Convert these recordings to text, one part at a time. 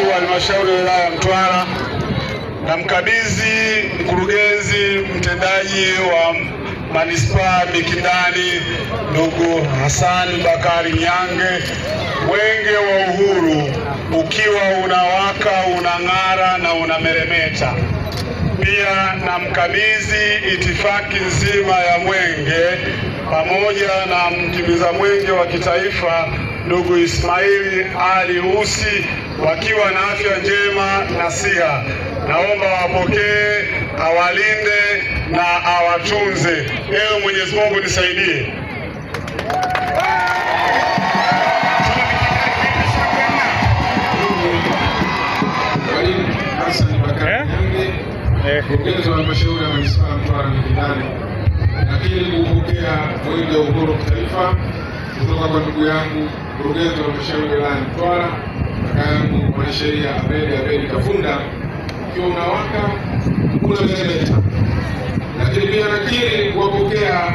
wa halmashauri ya wilaya ya Mtwara na mkabidhi mkurugenzi mtendaji wa manispaa Mikindani ndugu Hassan Bakari Nyange, mwenge wa uhuru ukiwa unawaka unang'ara na unameremeta. Pia na mkabidhi itifaki nzima ya mwenge pamoja na mkimbiza mwenge wa kitaifa ndugu Ismaili Ali Usi wakiwa na afya njema na siha. Naomba wapokee, awalinde na awatunze. Ewe Mwenyezi Mungu nisaidie. Mkurugenzi eh? eh. wa halmashauri ya manispaa ya Mtwara Mikindani, lakini kuupokea mwenge wa uhuru kitaifa kutoka kwa ndugu yangu mkurugenzi wa halmashauri ya wilaya Mtwara kaka mwanasheria Abel Abel Kafunda, ukiwa unawaka kuna unaleta, lakini pia nakiri kuwapokea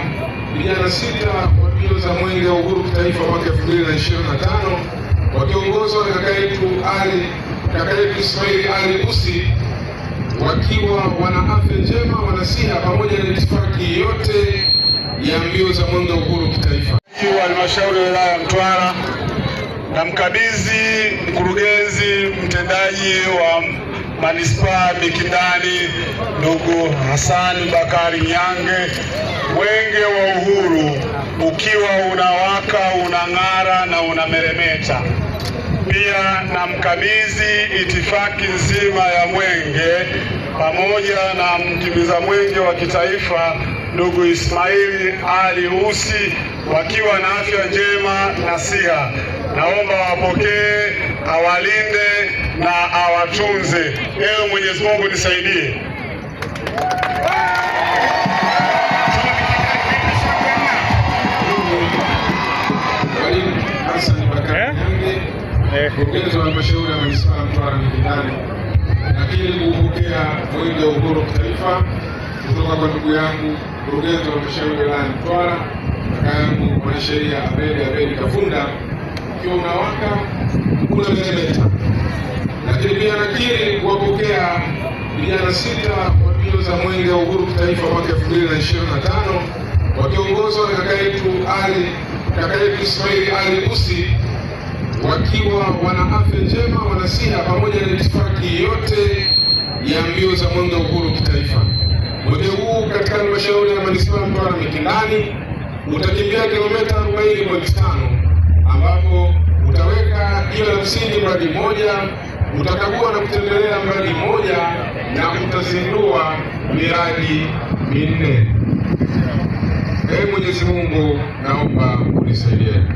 vijana sita wa mbio za mwenge wa uhuru kitaifa mwaka 2025 wakiongozwa na kaka yetu Ali kaka yetu Ismail Ali Busi wakiwa wana afya njema, wanasiha pamoja na itifaki yote ya mbio za mwenge wa uhuru kitaifa. Halmashauri ya wilaya ya Mtwara namkabidhi mkurugenzi mtendaji wa manispaa Mikindani ndugu Hassan Bakari Nyange mwenge wa uhuru ukiwa unawaka unang'ara na unameremeta. Pia namkabidhi itifaki nzima ya mwenge pamoja na mkimbiza mwenge wa kitaifa ndugu Ismaili Ali Usi wakiwa na afya njema na siha. Naomba wapokee, awalinde na awatunze. Ewe Mwenyezi Mungu nisaidie. Mkurugenzi wa halmashauri ya manispaa Mtwara Mikindani, lakini kuupokea mwenge wa uhuru kitaifa kutoka kwa ndugu yangu mkurugenzi wa halmashauri ya wilaya Mtwara Sheria ya Abedi Kafunda, ukiwa unawaka unameremeta. Lakini pia nakiri kuwapokea vijana sita wa mbio za mwenge wa uhuru kitaifa mwaka 2025 wakiongozwa na kaka yetu Ali kaka yetu Ismail Ali Usi wakiwa wana afya njema, wana siha pamoja na itifaki yote ya mbio za mwenge wa uhuru kitaifa. Mwenge huu katika halmashauri ya manispaa Mtwara Mikindani utakimbia kilomita 40 ambapo utaweka jiwe la msingi mradi mmoja, utakagua na kutembelea mradi mmoja na utazindua miradi minne. Ee Mwenyezi Mungu, naomba unisaidie.